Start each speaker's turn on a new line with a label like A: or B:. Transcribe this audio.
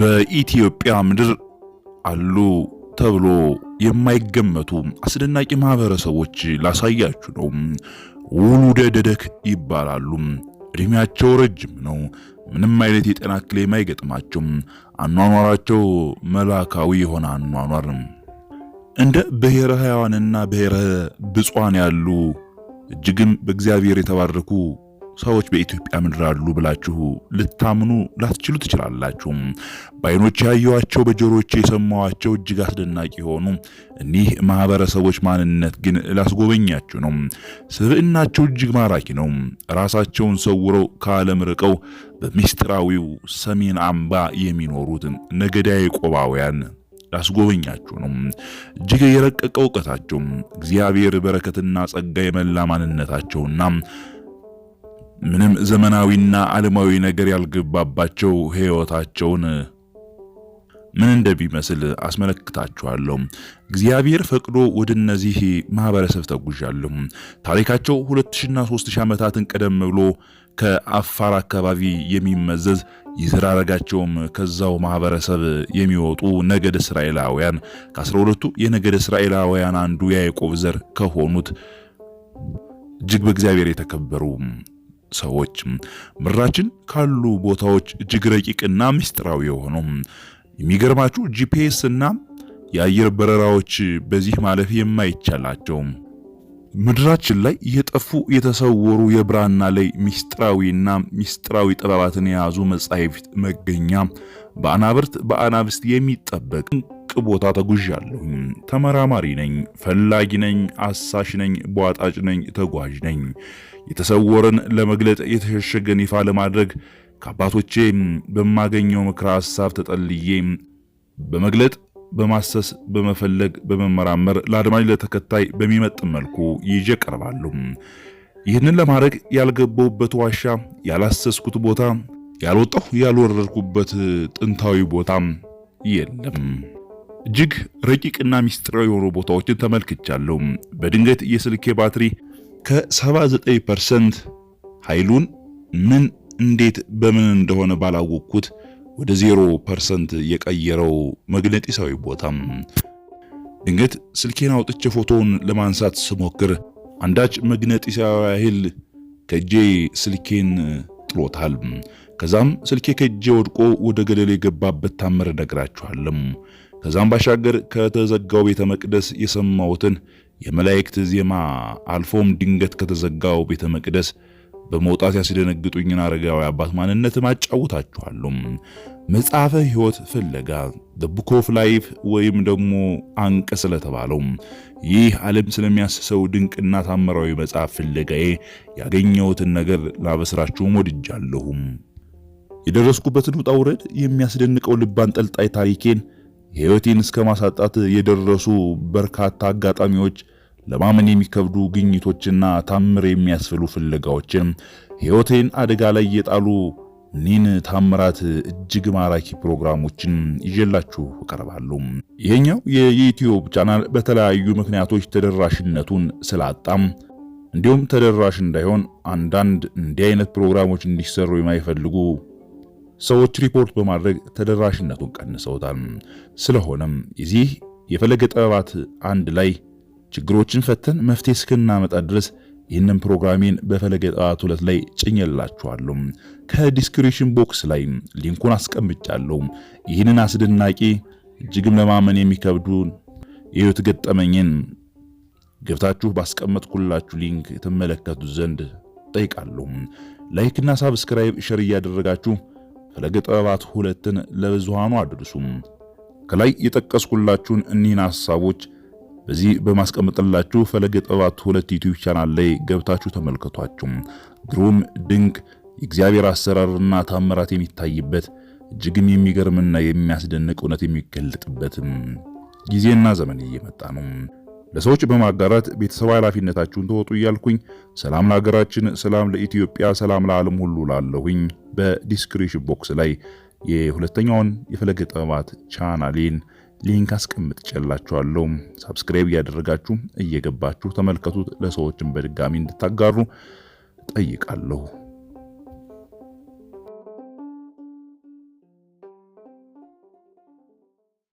A: በኢትዮጵያ ምድር አሉ ተብሎ የማይገመቱ አስደናቂ ማህበረሰቦች ላሳያችሁ ነው። ውሉደ ደደክ ይባላሉ። እድሜያቸው ረጅም ነው። ምንም አይነት የጤና እክል የማይገጥማቸው፣ አኗኗራቸው መላካዊ የሆነ አኗኗር እንደ ብሔረ ሕያዋንና ብሔረ ብፁዓን ያሉ እጅግም በእግዚአብሔር የተባረኩ ሰዎች በኢትዮጵያ ምድር አሉ ብላችሁ ልታምኑ ላትችሉ ትችላላችሁ። በአይኖች ያየኋቸው በጆሮች የሰማኋቸው እጅግ አስደናቂ የሆኑ እኒህ ማህበረሰቦች ማንነት ግን ላስጎበኛችሁ ነው። ስብዕናቸው እጅግ ማራኪ ነው። ራሳቸውን ሰውረው ከዓለም ርቀው በሚስጥራዊው ሰሜን አምባ የሚኖሩት ነገዳ ቆባውያን ላስጎበኛችሁ ነው። እጅግ የረቀቀ እውቀታቸው፣ እግዚአብሔር በረከትና ጸጋ የመላ ማንነታቸውና ምንም ዘመናዊና ዓለማዊ ነገር ያልገባባቸው ሕይወታቸውን ምን እንደሚመስል አስመለክታችኋለሁ። እግዚአብሔር ፈቅዶ ወደ እነዚህ ማህበረሰብ ተጉዣለሁ። ታሪካቸው 2000ና 3000 ዓመታትን ቀደም ብሎ ከአፋር አካባቢ የሚመዘዝ የዘር ከዛው ማህበረሰብ የሚወጡ ነገደ እስራኤላውያን ከ12ቱ የነገደ እስራኤላውያን አንዱ የያዕቆብ ዘር ከሆኑት እጅግ በእግዚአብሔር የተከበሩ ሰዎች ምድራችን ካሉ ቦታዎች እጅግ ረቂቅና ምስጢራዊ የሆነው የሚገርማችሁ ጂፒኤስ እና የአየር በረራዎች በዚህ ማለፍ የማይቻላቸው ምድራችን ላይ የጠፉ የተሰወሩ የብራና ላይ ሚስጥራዊና ሚስጥራዊ ጥበባትን የያዙ መጻሕፍት መገኛ በአናብርት በአናብስት የሚጠበቅ ቦታ ተጉዣለሁ። ተመራማሪ ነኝ፣ ፈላጊ ነኝ፣ አሳሽ ነኝ፣ ቧጣጭ ነኝ፣ ተጓዥ ነኝ። የተሰወረን ለመግለጥ የተሸሸገን ይፋ ለማድረግ ከአባቶቼ በማገኘው ምክረ ሐሳብ ተጠልዬ በመግለጥ በማሰስ በመፈለግ በመመራመር ለአድማጭ ለተከታይ በሚመጥን መልኩ ይዤ ቀርባሉ። ይህንን ለማድረግ ያልገባሁበት ዋሻ፣ ያላሰስኩት ቦታ፣ ያልወጣሁ ያልወረድኩበት ጥንታዊ ቦታ የለም። እጅግ ረቂቅና ሚስጥራዊ የሆኑ ቦታዎችን ተመልክቻለሁ። በድንገት የስልኬ ባትሪ ከ79% ኃይሉን ምን፣ እንዴት፣ በምን እንደሆነ ባላወቅኩት ወደ 0% የቀየረው መግነጢሳዊ ቦታም። ድንገት ስልኬን አውጥቼ ፎቶውን ለማንሳት ስሞክር አንዳች መግነጢሳዊ ኃይል ከእጄ ስልኬን ጥሎታል። ከዛም ስልኬ ከእጄ ወድቆ ወደ ገደል የገባበት ታምር እነግራችኋለሁ። ከዛም ባሻገር ከተዘጋው ቤተ መቅደስ የሰማሁትን የመላእክት ዜማ አልፎም ድንገት ከተዘጋው ቤተ መቅደስ በመውጣት ያስደነግጡኝን አረጋዊ አባት ማንነት አጫውታችኋለሁ። መጽሐፈ ሕይወት ፍለጋ ዘ ቡክ ኦፍ ላይፍ ወይም ደግሞ አንቀ ስለተባለው ይህ ዓለም ስለሚያስሰው ድንቅና ታምራዊ መጽሐፍ ፍለጋዬ ያገኘሁትን ነገር ላበስራችሁም ወድጃለሁም። የደረስኩበትን ውጣ ውረድ የሚያስደንቀው ልብ አንጠልጣይ ታሪኬን ሕይወቴን እስከ ማሳጣት የደረሱ በርካታ አጋጣሚዎች፣ ለማመን የሚከብዱ ግኝቶችና ታምር የሚያስፍሉ ፍለጋዎችን ሕይወቴን አደጋ ላይ የጣሉ እኒህን ታምራት እጅግ ማራኪ ፕሮግራሞችን ይዤላችሁ እቀርባለሁ። ይሄኛው የዩቲዩብ ቻናል በተለያዩ ምክንያቶች ተደራሽነቱን ስላጣም እንዲሁም ተደራሽ እንዳይሆን አንዳንድ እንዲህ አይነት ፕሮግራሞች እንዲሰሩ የማይፈልጉ ሰዎች ሪፖርት በማድረግ ተደራሽነቱን ቀንሰውታል። ስለሆነም የዚህ የፈለገ ጥበባት አንድ ላይ ችግሮችን ፈተን መፍትሄ እስክናመጣ ድረስ ይህንን ፕሮግራሜን በፈለገ ጥበባት ሁለት ላይ ጭኝላችኋለሁ። ከዲስክሪፕሽን ቦክስ ላይ ሊንኩን አስቀምጫለሁ። ይህንን አስደናቂ እጅግም ለማመን የሚከብዱ የህይወት ገጠመኝን ገብታችሁ ባስቀመጥኩላችሁ ሊንክ የተመለከቱት ዘንድ ጠይቃለሁ። ላይክና ሳብስክራይብ ሸር እያደረጋችሁ ፈለገ ጥበባት ሁለትን ለብዙሃኑ አድርሱም። ከላይ የጠቀስኩላችሁን እኒህን ሐሳቦች በዚህ በማስቀመጥላችሁ ፈለገ ጥበባት ሁለት ዩቲዩብ ቻናል ላይ ገብታችሁ ተመልከቷችሁ። ግሩም ድንቅ የእግዚአብሔር አሰራርና ታምራት የሚታይበት እጅግም የሚገርምና የሚያስደንቅ እውነት የሚገለጥበት ጊዜና ዘመን እየመጣ ነው። ለሰዎች በማጋራት ቤተሰብ ኃላፊነታችሁን ተወጡ እያልኩኝ ሰላም ለሀገራችን፣ ሰላም ለኢትዮጵያ፣ ሰላም ለዓለም ሁሉ ላለሁኝ በዲስክሪፕሽን ቦክስ ላይ የሁለተኛውን የፈለገ ጥበባት ቻናሌን ሊንክ አስቀምጥጨላችኋለሁ። ሳብስክራይብ እያደረጋችሁ እየገባችሁ ተመልከቱት። ለሰዎችን በድጋሚ እንድታጋሩ ጠይቃለሁ።